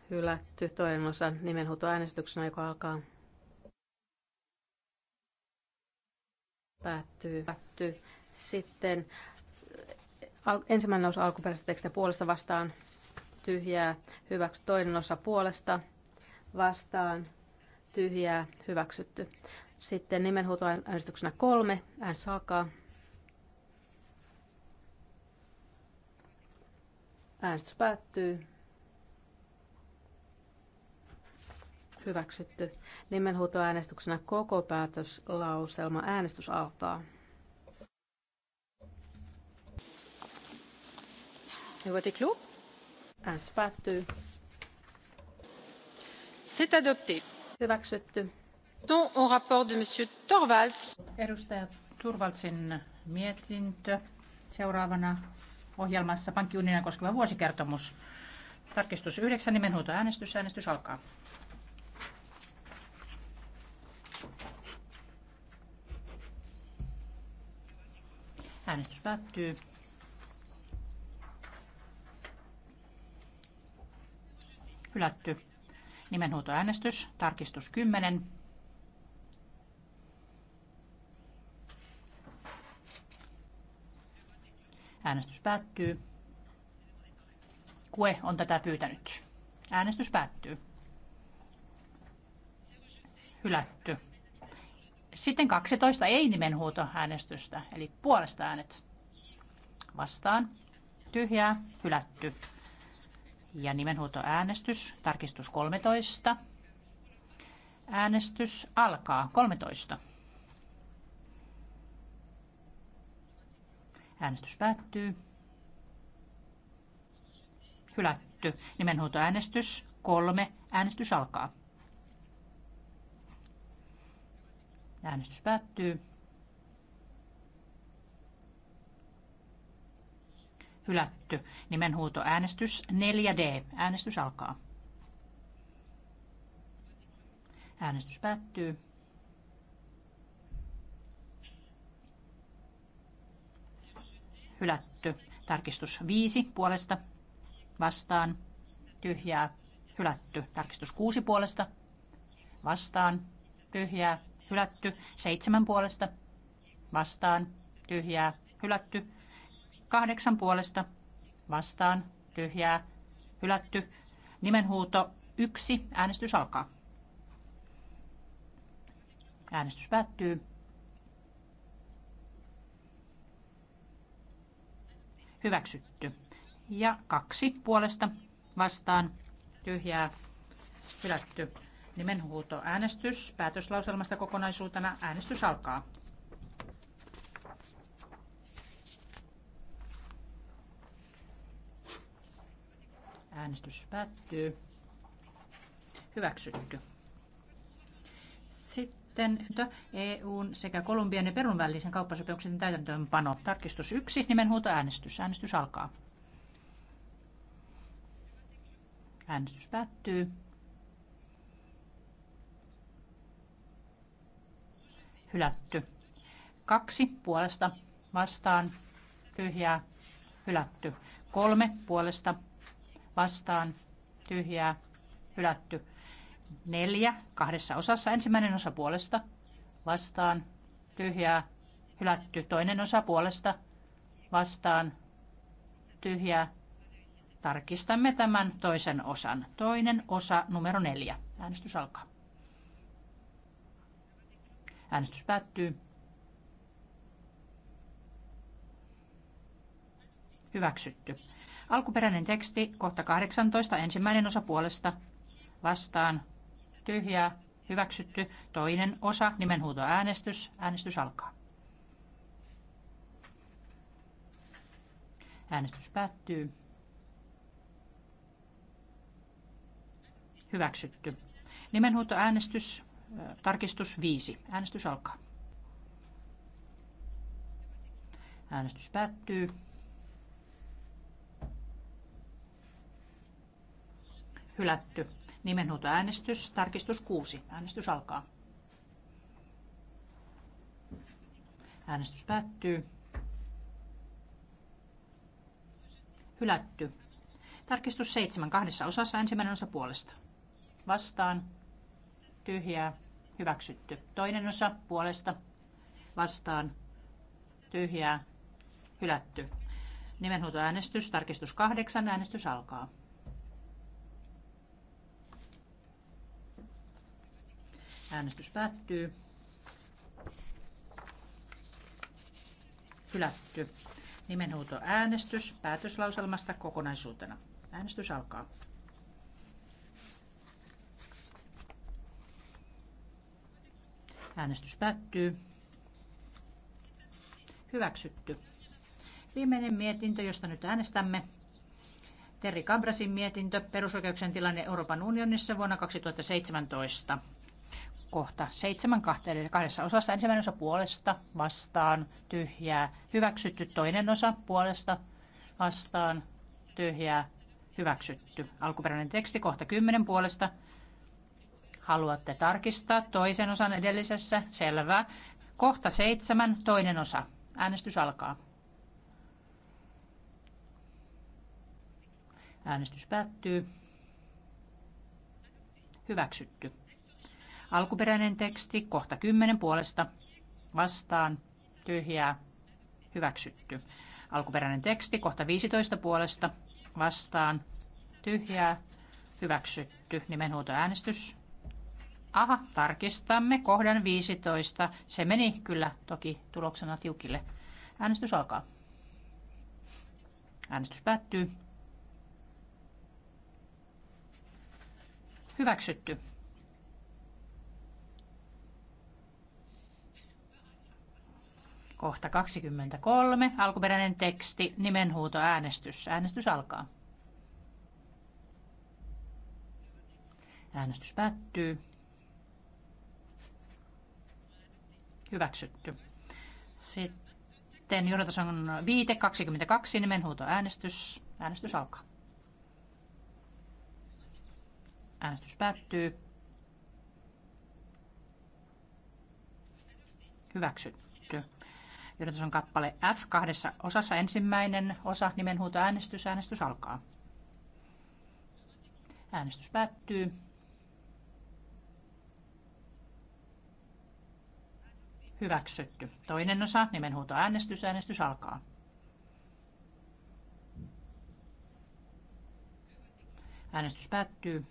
Hylätty toinen osa äänestyksenä, joka alkaa. Päättyy. päättyy. Sitten ensimmäinen osa alkuperäisestä tekstistä puolesta vastaan tyhjää. Hyväksy toinen osa puolesta vastaan tyhjää, hyväksytty. Sitten nimenhuutoäänestyksenä kolme, äänestys alkaa. Äänestys päättyy. Hyväksytty. Nimenhuutoäänestyksenä koko päätöslauselma. Äänestys alkaa. Äänestys päättyy. C'est adopté. Hyväksytty. On rapport de Monsieur Torvalds. Edustaja Turvaltsin mietintö. Seuraavana ohjelmassa pankkiunionia koskeva vuosikertomus. Tarkistus 9, nimenhuuto äänestys. Äänestys alkaa. Äänestys päättyy. Hylätty. Nimenhuutoäänestys, tarkistus 10. Äänestys päättyy. Kue on tätä pyytänyt. Äänestys päättyy. Hylätty. Sitten 12 ei nimenhuuto äänestystä, eli puolesta äänet. Vastaan. Tyhjää. Hylätty ja äänestys Tarkistus 13. Äänestys alkaa 13. Äänestys päättyy. Hylätty. äänestys 3. Äänestys alkaa. Äänestys päättyy. hylätty. Nimenhuuto äänestys 4D. Äänestys alkaa. Äänestys päättyy. Hylätty. Tarkistus 5 puolesta vastaan. Tyhjää. Hylätty. Tarkistus 6 puolesta vastaan. Tyhjää. Hylätty. 7 puolesta vastaan. Tyhjää. Hylätty. Kahdeksan puolesta vastaan tyhjää hylätty. Nimenhuuto yksi. Äänestys alkaa. Äänestys päättyy. Hyväksytty. Ja kaksi puolesta vastaan tyhjää hylätty. Nimenhuuto äänestys päätöslauselmasta kokonaisuutena. Äänestys alkaa. Äänestys päättyy. Hyväksytty. Sitten EUn sekä Kolumbian ja Perun välisen kauppasopimuksen täytäntöönpano. Tarkistus 1. äänestys. Äänestys alkaa. Äänestys päättyy. Hylätty. Kaksi puolesta vastaan tyhjää hylätty. Kolme puolesta vastaan tyhjää hylätty. Neljä kahdessa osassa. Ensimmäinen osa puolesta vastaan tyhjää hylätty. Toinen osa puolesta vastaan tyhjää. Tarkistamme tämän toisen osan. Toinen osa numero neljä. Äänestys alkaa. Äänestys päättyy. Hyväksytty. Alkuperäinen teksti, kohta 18, ensimmäinen osa puolesta vastaan tyhjää, hyväksytty. Toinen osa, nimenhuuto äänestys. Äänestys alkaa. Äänestys päättyy. Hyväksytty. Nimenhuuto äänestys, tarkistus 5. Äänestys alkaa. Äänestys päättyy. Hylätty. Nimenhuuto äänestys. Tarkistus 6. Äänestys alkaa. Äänestys päättyy. Hylätty. Tarkistus 7. Kahdessa osassa ensimmäinen osa puolesta. Vastaan. Tyhjää. Hyväksytty. Toinen osa puolesta. Vastaan. Tyhjää. Hylätty. Nimenhuutoäänestys. Tarkistus 8. Äänestys alkaa. Äänestys päättyy. Hylätty. Nimenhuuto äänestys päätöslauselmasta kokonaisuutena. Äänestys alkaa. Äänestys päättyy. Hyväksytty. Viimeinen mietintö, josta nyt äänestämme. Terri Kabrasin mietintö, perusoikeuksien tilanne Euroopan unionissa vuonna 2017 kohta seitsemän kahdessa osassa. Ensimmäinen osa puolesta, vastaan, tyhjää, hyväksytty. Toinen osa puolesta, vastaan, tyhjää, hyväksytty. Alkuperäinen teksti kohta kymmenen puolesta. Haluatte tarkistaa toisen osan edellisessä? Selvä. Kohta seitsemän, toinen osa. Äänestys alkaa. Äänestys päättyy. Hyväksytty. Alkuperäinen teksti, kohta kymmenen puolesta vastaan, tyhjää, hyväksytty. Alkuperäinen teksti, kohta 15 puolesta vastaan, tyhjää, hyväksytty. Nimenhuutoäänestys. Aha, tarkistamme kohdan 15. Se meni kyllä toki tuloksena tiukille. Äänestys alkaa. Äänestys päättyy. Hyväksytty. Kohta 23. Alkuperäinen teksti. Nimenhuuto äänestys. Äänestys alkaa. Äänestys päättyy. Hyväksytty. Sitten on viite 22 nimenhuuto äänestys. Äänestys alkaa. Äänestys päättyy. Hyväksytty. Yritys on kappale F kahdessa osassa. Ensimmäinen osa nimenhuuto äänestys. Äänestys alkaa. Äänestys päättyy. Hyväksytty. Toinen osa nimenhuuto äänestys. Äänestys alkaa. Äänestys päättyy.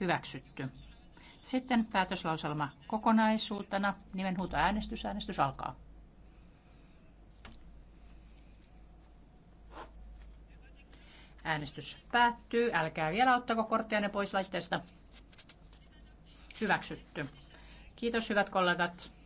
Hyväksytty. Sitten päätöslauselma kokonaisuutena. Nimenhuuto äänestys. Äänestys alkaa. Äänestys päättyy. Älkää vielä ottako ne pois laitteesta. Hyväksytty. Kiitos hyvät kollegat.